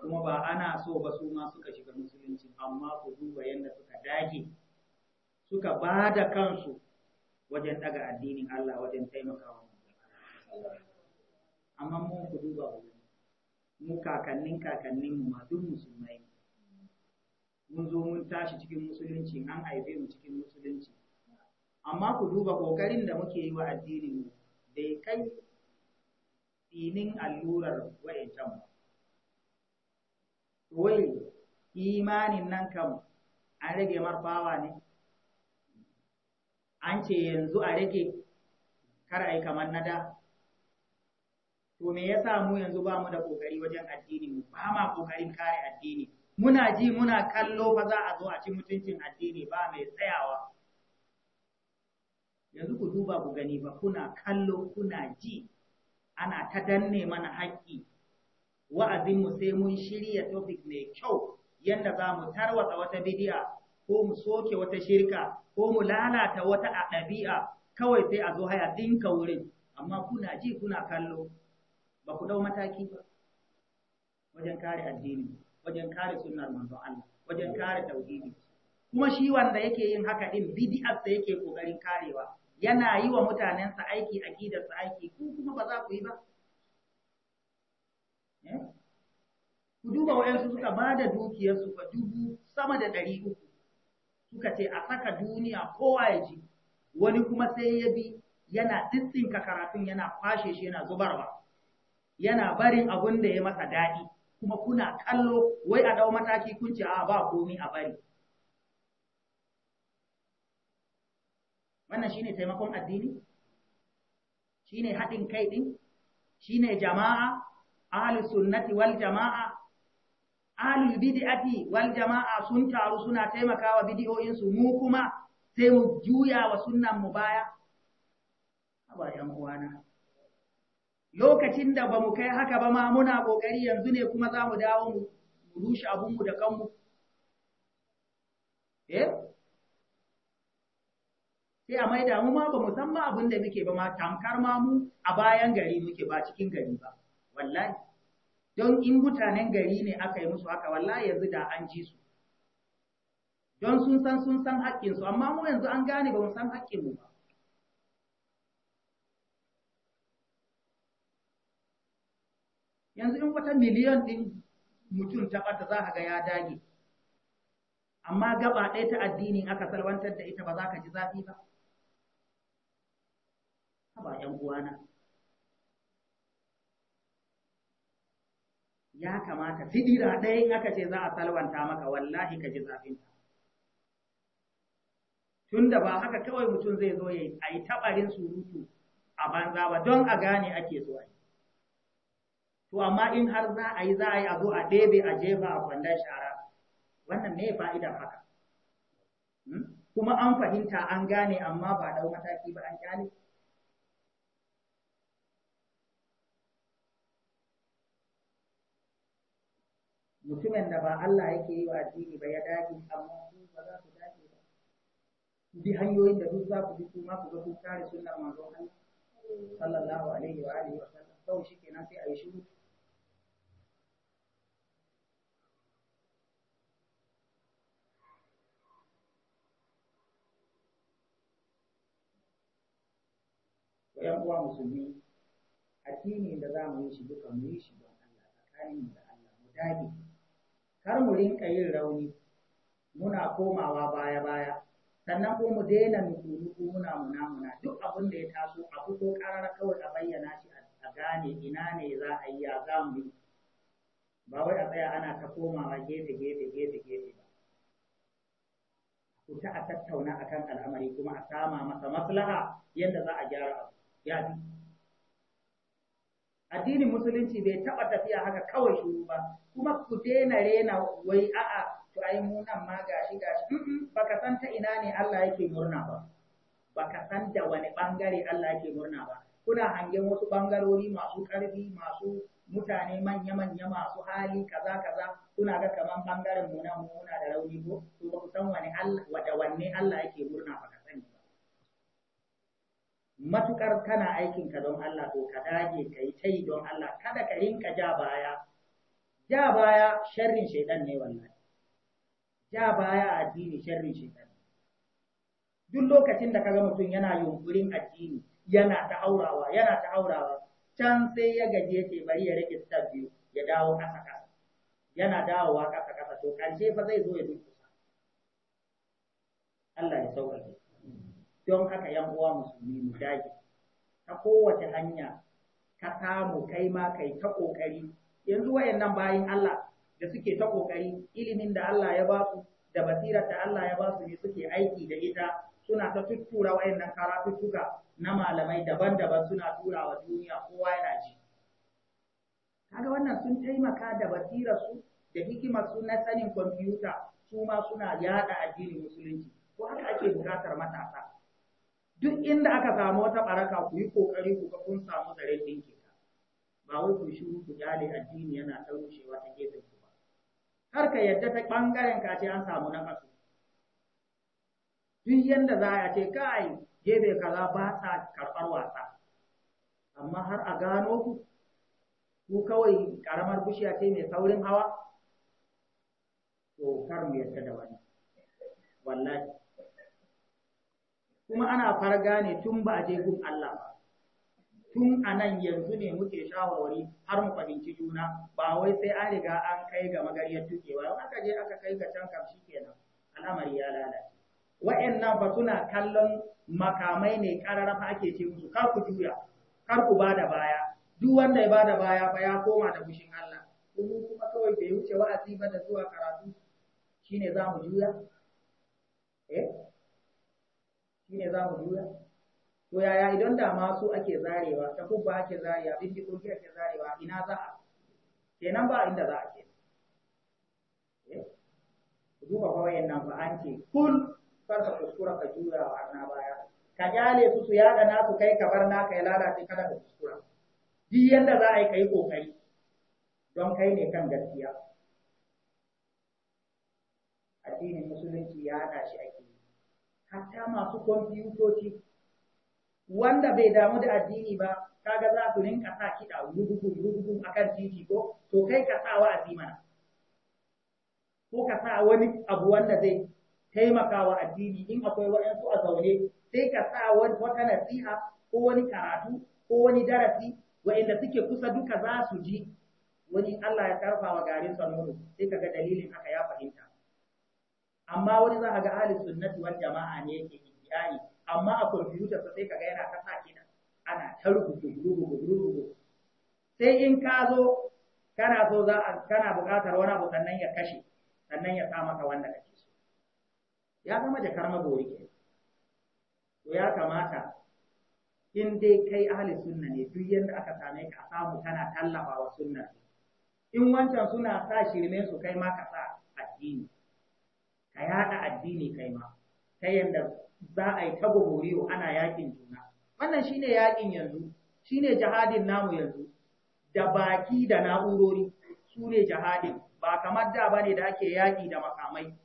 Speaker 1: kuma ba ana so ba su ma suka shiga musulunci amma ku duba yadda suka dage suka ba da kansu wajen daga addinin Allah wajen taimakawa amma mu ku duba mu kakannin kakannin mu ma duk musulmai mun zo mun tashi cikin musulunci an haife mu cikin musulunci amma ku duba kokarin da muke yi wa addinin mu dai kai tsinin allurar wa'incan wai imanin nan kam an rage marfawa ne an ce yanzu a rage kar ai kamar na to me yasa mu yanzu ba mu da kokari wajen addini mu ba ma kokarin kare addini muna ji muna kallo ba za a zo a ci mutuncin addini ba mai tsayawa yanzu ku duba ku gani ba kuna kallo kuna ji ana ta danne mana haƙƙi wa'azinmu sai mun shirya topic mai kyau yadda za mu tarwatsa wata bidiya ko mu soke wata shirka ko mu lalata wata a ɗabi'a kawai sai a zo haya ɗinka wurin amma kuna ji kuna kallo ba ku ɗau mataki ba wajen kare addini wajen kare sunnar manzon Allah wajen kare tauhidi kuma shi wanda yake yin haka ɗin, bidi'ar da yake ƙoƙarin karewa yana yi wa mutanensa aiki a aƙidarsa aiki ku kuma ba za ku yi ba eh? ku duba wayansu suka ba da dukiyarsu ba dubu sama da ɗari uku suka ce a saka duniya kowa ya ji wani kuma sai ya bi yana tsitsinka karatun yana kwashe shi yana zubarwa yana barin abun da ya masa daɗi kuma kuna kallo wai a ɗau mataki kun ce a ba komi a bari wannan shine taimakon addini shine haɗin kai din shine jama'a ahlus sunnati wal jama'a ahlul bid'ati wal jama'a sun taru suna taimakawa bid'o'in su mu kuma sai mu juya wa sunnan mu baya haba yan uwana lokacin da bamu kai haka ba ma muna kokari yanzu ne kuma zamu dawo mu rushe abun mu da kanmu eh sai a maida mu ma ba musamman abin da muke ba ma tamkar ma mu a bayan gari muke ba cikin gari ba wallahi don in mutanen gari ne aka yi musu haka wallahi yanzu da an ji su don sun san sun san haƙƙin su amma mu yanzu an gane ba mu san haƙƙin mu ba yanzu in wata miliyan din mutum ta ɓata za ka ga ya dage amma gaba ɗaya ta addini aka salwantar da ita ba za ka ji zafi ba haba ‘yan uwana. Ya kamata, sidira ɗaya yin aka ce za a salwanta maka wallahi ka ji zafinta. Tunda ba haka kawai mutum zai zo ya yi a taɓarin surutu a banza ba don a gane ake zuwa. To, amma in har za a yi za a yi a zo a debe a jefa a kwandon shara, wannan me fa'idar haka? Hmm? Kuma an fahimta an gane amma ba ɗau mataki ba an kyale. mutumin da ba Allah yake yi wa addini ba ya dage amma su ba za su dage ba bi hanyoyin da duk za ku bi ma ku ga kun kare sunnar manzon Allah sallallahu alaihi wa alihi wa sallam kawai shikenan sai a yi shiru ‘yan uwa musulmi addini da za mu yi shi duka mu yi shi don Allah tsakanin da Allah mu dage Har mu rinka yin rauni muna komawa baya-baya sannan ko mu daina nuku muna muna-muna duk abin da ya taso a fito ƙarar kawai a bayyana shi a gane ina ne za a yi ya za mu yi ba wai a tsaya ana ta komawa gefe-gefe gefe-gefe ba ku a tattauna akan al'amari kuma a sama masa maslaha yadda za a gyara abu ya fi addinin musulunci bai taɓa tafiya haka kawai shuru ba kuma ku daina rena wai a'a to ai mu nan ma gashi gashi baka san ta ina ne Allah yake murna ba baka san da wani bangare Allah yake murna ba kuna hangen wasu bangarori masu ƙarfi masu mutane manya manya masu hali kaza kaza kuna ga kaman bangaren mu nan muna da rauni ko Kuma ku san wani Allah da wanne Allah yake murna ba matukar kana aikin ka don Allah to ka dage ka yi tai don Allah kada ka rinka ja baya ja baya sharrin shaidan ne wallahi ja baya addini sharrin shaidan duk lokacin da kaga mutum yana yunkurin addini yana ta haurawa yana ta haurawa can sai ya gaje ce bari ya rike step biyu ya dawo kasa kasa yana dawowa kasa kasa to karshe fa zai zo ya durkusa Allah ya sauƙaƙe don haka yan uwa musulmi mu dage ta kowace hanya ka samu kai ma kai ta kokari yanzu wayannan bayin Allah da suke ta kokari ilimin da Allah ya ba su da basirar da Allah ya ba su ne suke aiki da ita suna ta tuttura wayannan karatuttuka na malamai daban-daban suna tura wa duniya kowa yana ji kaga wannan sun taimaka da basirar su da hikimar su na sanin kwamfuta su ma suna yada addinin musulunci ko haka ake bukatar matasa duk inda aka samu wata baraka ku yi kokari ku ga kun samu zaren dinki ba wai ku shiru ku kyale addini yana ta rushewa ta gefen ku ba kar ka yadda ta bangaren ka ce an samu na kasu duk yanda za a ce kai gefe kaza ba sa karɓar wasa amma har a gano ku ku kawai karamar bishiya ce mai saurin hawa to kar mu yadda da wani wallahi kuma ana farga ne tun ba a je gun Allah ba tun a nan yanzu ne muke shawarwari har mu fahimci juna ba wai sai an riga an kai ga magariyar tukewa in aka je aka kai ga can kam shi kenan al'amari ya lalace wa'annan ba suna kallon makamai ne kararrafa ake ce musu kar ku juya kar ku bada baya duk wanda ya bada baya fa ya koma da bushin Allah kuma kuma kawai bai wuce wa'azi ba da zuwa karatu shine za mu juya eh shine za mu juya to yaya idan da ma su ake zarewa ta kubba ake zarewa bindi kurki ake zarewa ina za a kenan ba inda za a ke eh? duba fa nan ba an ce kul kuskura ka jura wa na baya ka kyale su su yada su kai ka bar naka ya lalace kada da kuskura duk yanda za a yi kai kokari don kai ne kan gaskiya addinin musulunci ya hada shi ake hatta masu kwamfutoci wanda bai damu da addini ba kaga za su rinka sa kiɗa rugugun rugugun kan titi ko to kai ka sa wa mana, ko ka sa wani abu wanda zai taimaka wa addini in akwai waɗansu a zaune sai ka sa wata nasiha ko wani karatu ko wani darasi wa'inda suke kusa duka za su ji wani Allah ya tarfa wa garin sa nono sai kaga dalilin haka ya fahimta amma wani za a ga ahli sunnati wal jama'a ne yake inkari amma a computer sai kaga yana ta sa kina ana ta rubutu rubutu rubutu sai in ka zo kana so za a kana buƙatar wani abu sannan ya kashe sannan ya sa maka wanda kake so ya zama jakar magori ke to ya kamata in dai kai ahli sunna ne duk yadda aka same ka samu kana tallafa wa sunna in wancan suna sa shirme su kai ma ka sa addini a yaɗa addini kai ma ta yanda za a yi ta gogoriyo ana yakin juna wannan shine yaƙin yanzu shine jihadin namu yanzu da baki da na'urori su ne jihadin ba kamar da bane da ake yaƙi da makamai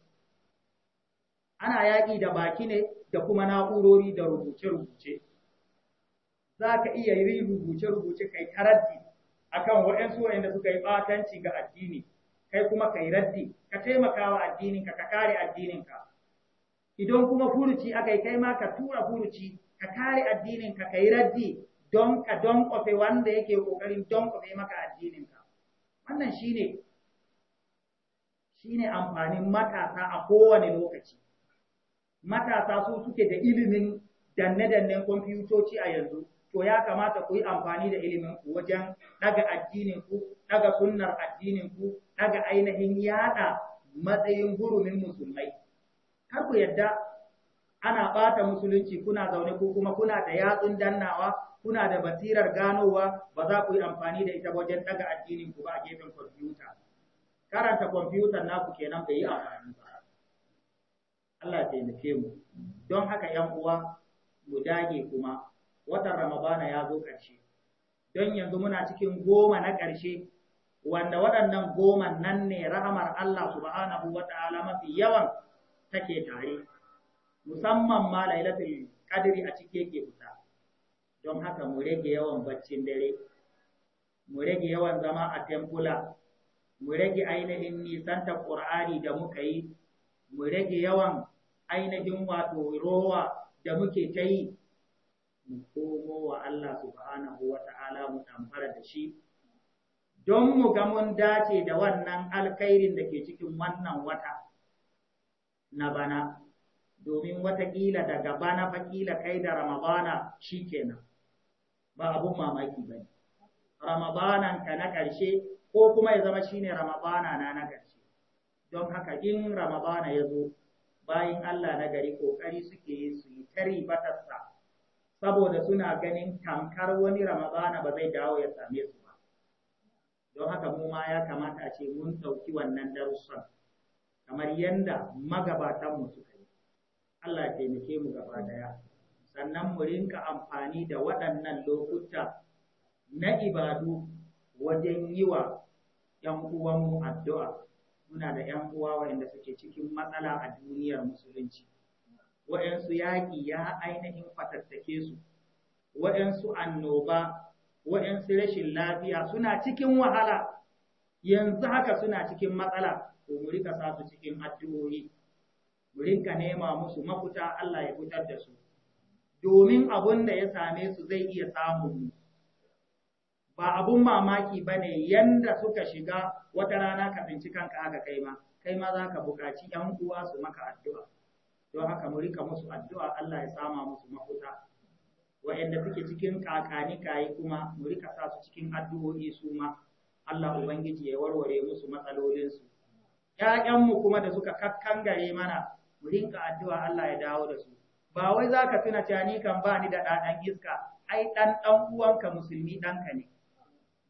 Speaker 1: ana yaki da baki ne da kuma na'urori da rubuce-rubuce za ka iya yi rubuce-rubuce kai taraddi akan waɗansu waɗanda suka yi ɓatanci ga addini kai kuma kai raddi ka taimaka wa addininka ka kare addininka idan kuma furuci aka yi kai ma ka tura furuci ka kare addininka ka yi raddi don ka don kofe wanda yake kokarin don kofe maka addininka wannan shine shine amfanin matasa a kowane lokaci matasa su suke da ilimin danne-dannen kwamfutoci a yanzu to ya kamata ku yi amfani da ilimin ku wajen daga addinin ku daga sunnar addinin ku daga ainihin yada matsayin gurumin musulmai kar ku yadda ana bata musulunci kuna zaune ko kuma kuna da yatsun dannawa kuna da basirar ganowa ba za ku yi amfani da ita wajen daga addinin ku ba a gefen kwamfuta karanta kwamfutar naku kenan bai yi amfani ba Allah ya taimake mu don haka yan uwa mu dage kuma watan Ramadana ya zo ƙarshe. Don yanzu muna cikin goma na ƙarshe, wanda waɗannan goma nan ne rahamar Allah subhanahu wa ta'ala mafi yawan take tare, musamman ma lailatul ƙadiri a cike ke fita. Don haka mu rage yawan baccin dare, mu rage yawan zama a tempula, mu rage ainihin nisanta Ƙur'ani da muka yi, mu rage yawan ainihin wato rowa da muke ta yi mu komo wa Allah subhanahu wa ta'ala mu tambara da shi don mu ga mun dace da wannan alkairin da ke cikin wannan wata na bana domin watakila daga bana fakila kai da ramadana shikenan ba abun mamaki ba ne ramadanan ka na ƙarshe ko kuma ya zama shine ramadana na na ƙarshe don haka in ramadana ya zo bayan Allah na gari ƙoƙari suke su yi tari batarsa saboda suna ganin tamkar wani ramadana ba zai dawo ya same su ba don haka mu ma ya kamata a ce mun ɗauki wannan darussan kamar yadda magabatan mu suka yi Allah taimake mu gaba daya sannan mu rinka amfani da waɗannan lokuta na ibadu wajen yi wa ‘yan uwanmu addu'a muna da ‘yan uwa waɗanda suke cikin matsala a duniyar musulunci waɗansu yaƙi ya ainihin fatattake su, waɗansu annoba, waɗansu rashin lafiya suna cikin wahala, yanzu haka suna cikin matsala, to mu rika sa su cikin addu'o'i, mu rika nema musu mafuta Allah ya fitar da su, domin abun da ya same su zai iya samun mu. Ba abun mamaki ba ne yanda suka shiga wata rana ka binci kanka aka kai ma, kai ma za ka buƙaci ‘yan uwa su maka addu'a. don haka mu rika musu addu'a Allah ya sama musu mafuta wa'anda suke cikin kakani kayi kuma mu rika sa su cikin addu'o'i su ma Allah ubangiji ya warware musu matsalolinsu mu kuma da suka kakkangare mana mu rinka addu'a Allah ya dawo da su ba wai zaka tuna cewa ni kan ba ni da dadan iska ai ɗan ɗan uwanka musulmi ɗanka ne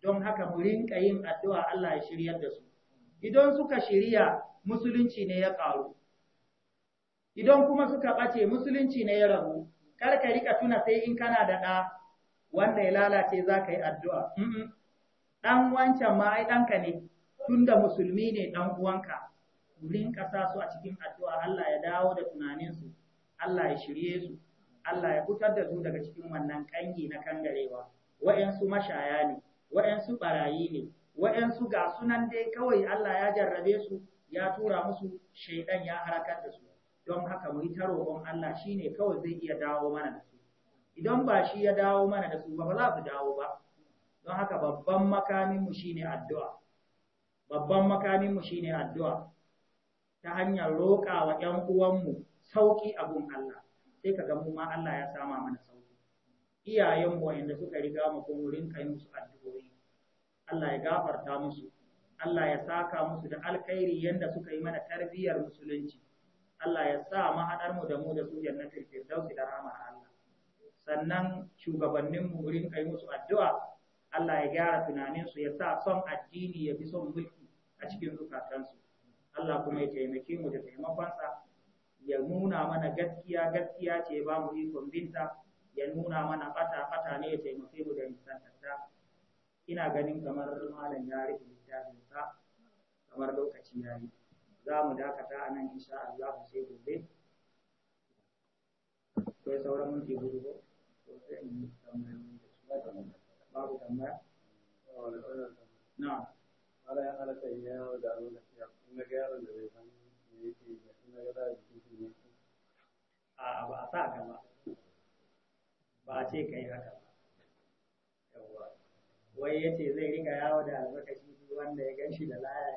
Speaker 1: don haka mu rinka yin addu'a Allah ya shiryar da su idan suka shirya musulunci ne ya ƙaru idan kuma suka ɓace musulunci ne ya rabu kar ka rika tuna sai in kana da ɗa wanda ya lalace za ka yi addu'a ɗan wancan ma ai ɗanka ne tunda musulmi ne dan uwanka rinka sa su a cikin addu'a Allah ya dawo da tunaninsu Allah ya shirye su Allah ya fitar da su daga cikin wannan kangi na kangarewa wa'yansu mashaya ne wa'yansu barayi ne wa'yansu ga sunan dai kawai Allah ya jarrabe su ya tura musu shaidan ya harakar da su don haka mu yi ta roƙon Allah shi ne kawai zai iya dawo mana da su idan ba shi ya dawo mana da su ba ba za su dawo ba don haka babban makaminmu shi ne addu'a babban makaminmu shi ne addu'a ta hanyar roƙa wa ‘yan uwanmu sauƙi abun Allah sai ka ga mu ma Allah ya sama mana sauƙi iyayenmu wanda suka riga mu kuma rinka yi musu addu'o'i Allah ya gafarta musu Allah ya saka musu da alkhairi yadda suka yi mana tarbiyyar musulunci Allah ya sa mahaɗar mu da mu da su jannatul firdausi da a Allah sannan shugabanninmu wurin kai musu addu'a Allah ya gyara tunanin su ya sa son addini ya fi son mulki a cikin zukatansu Allah kuma ya taimake mu da taimakonsa ya nuna mana gaskiya gaskiya ce ba mu ikon binta ya nuna mana fata fata ne ya taimake mu da nisantarta ina ganin kamar malam ya rufe littafinsa kamar lokaci ya yi za mu dakata a nan insha Allah sai gobe sai sauran minti hudu ko sai in babu tambaya na
Speaker 2: ala ya halatta in ya da nuna ga yaron da bai san me yake ga da ne
Speaker 1: a ba a sa ka ba ba a ce kai haka ba yawwa wai zai riƙa yawo da albarkaci wanda ya ganshi da laya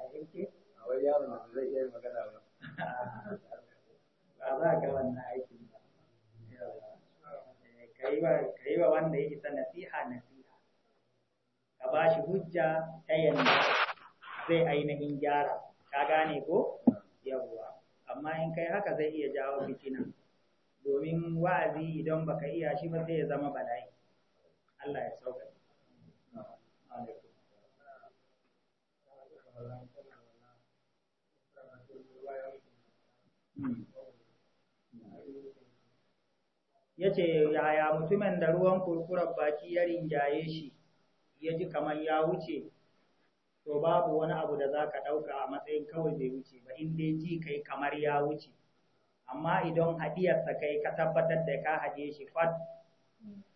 Speaker 1: hujja ta yanzu zai ainihin gyara ka gane ko yawwa amma in kai haka zai iya jawo fitina domin wa'azi idan baka iya shi ba sai ya zama bala'i Allah ya sauka ya yaya mutumin da ruwan kurkurar baki ya rinjaye shi ya ji kamar ya wuce to babu wani abu da za ka ɗauka a matsayin kawai bai wuce ba in dai ji kai kamar ya wuce amma idan hadiyarsa kai ka tabbatar da ka haje shi fat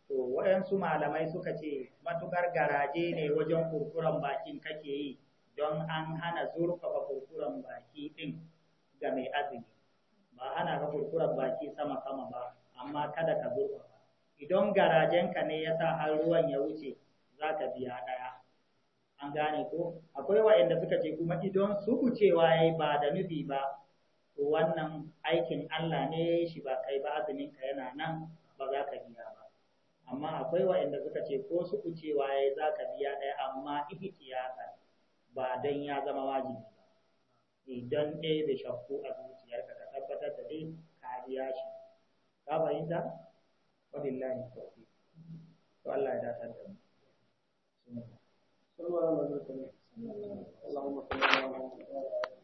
Speaker 1: to waɗansu malamai suka ce matukar garaje ne wajen kurkuren bakin kake yi don an hana zurfafa kurkuren baki ɗin ga mai azumi ba hana ka kurkuren baki sama sama ba amma kada ka zurfafa idan garajenka ne yasa har ruwan ya wuce za ka biya ɗaya. An gane ko, akwai waɗanda suka ce kuma idon su cewa ya yi ba da nufi ba, to wannan aikin Allah ne shi ba kai ba ka yana nan ba za ka biya ba. Amma akwai waɗanda suka ce ko su cewa ya yi za ka biya ɗaya amma ihtiyatan ba don ya zama wajibi ba. Idan ɗaya da shakku a zuciyarka ka tabbatar da dai ka biya shi. Ka fahimta? Wabillahi tawfiq. To Allah ya dace da mu.
Speaker 2: صلى الله عليه وسلم اللهم صل على محمد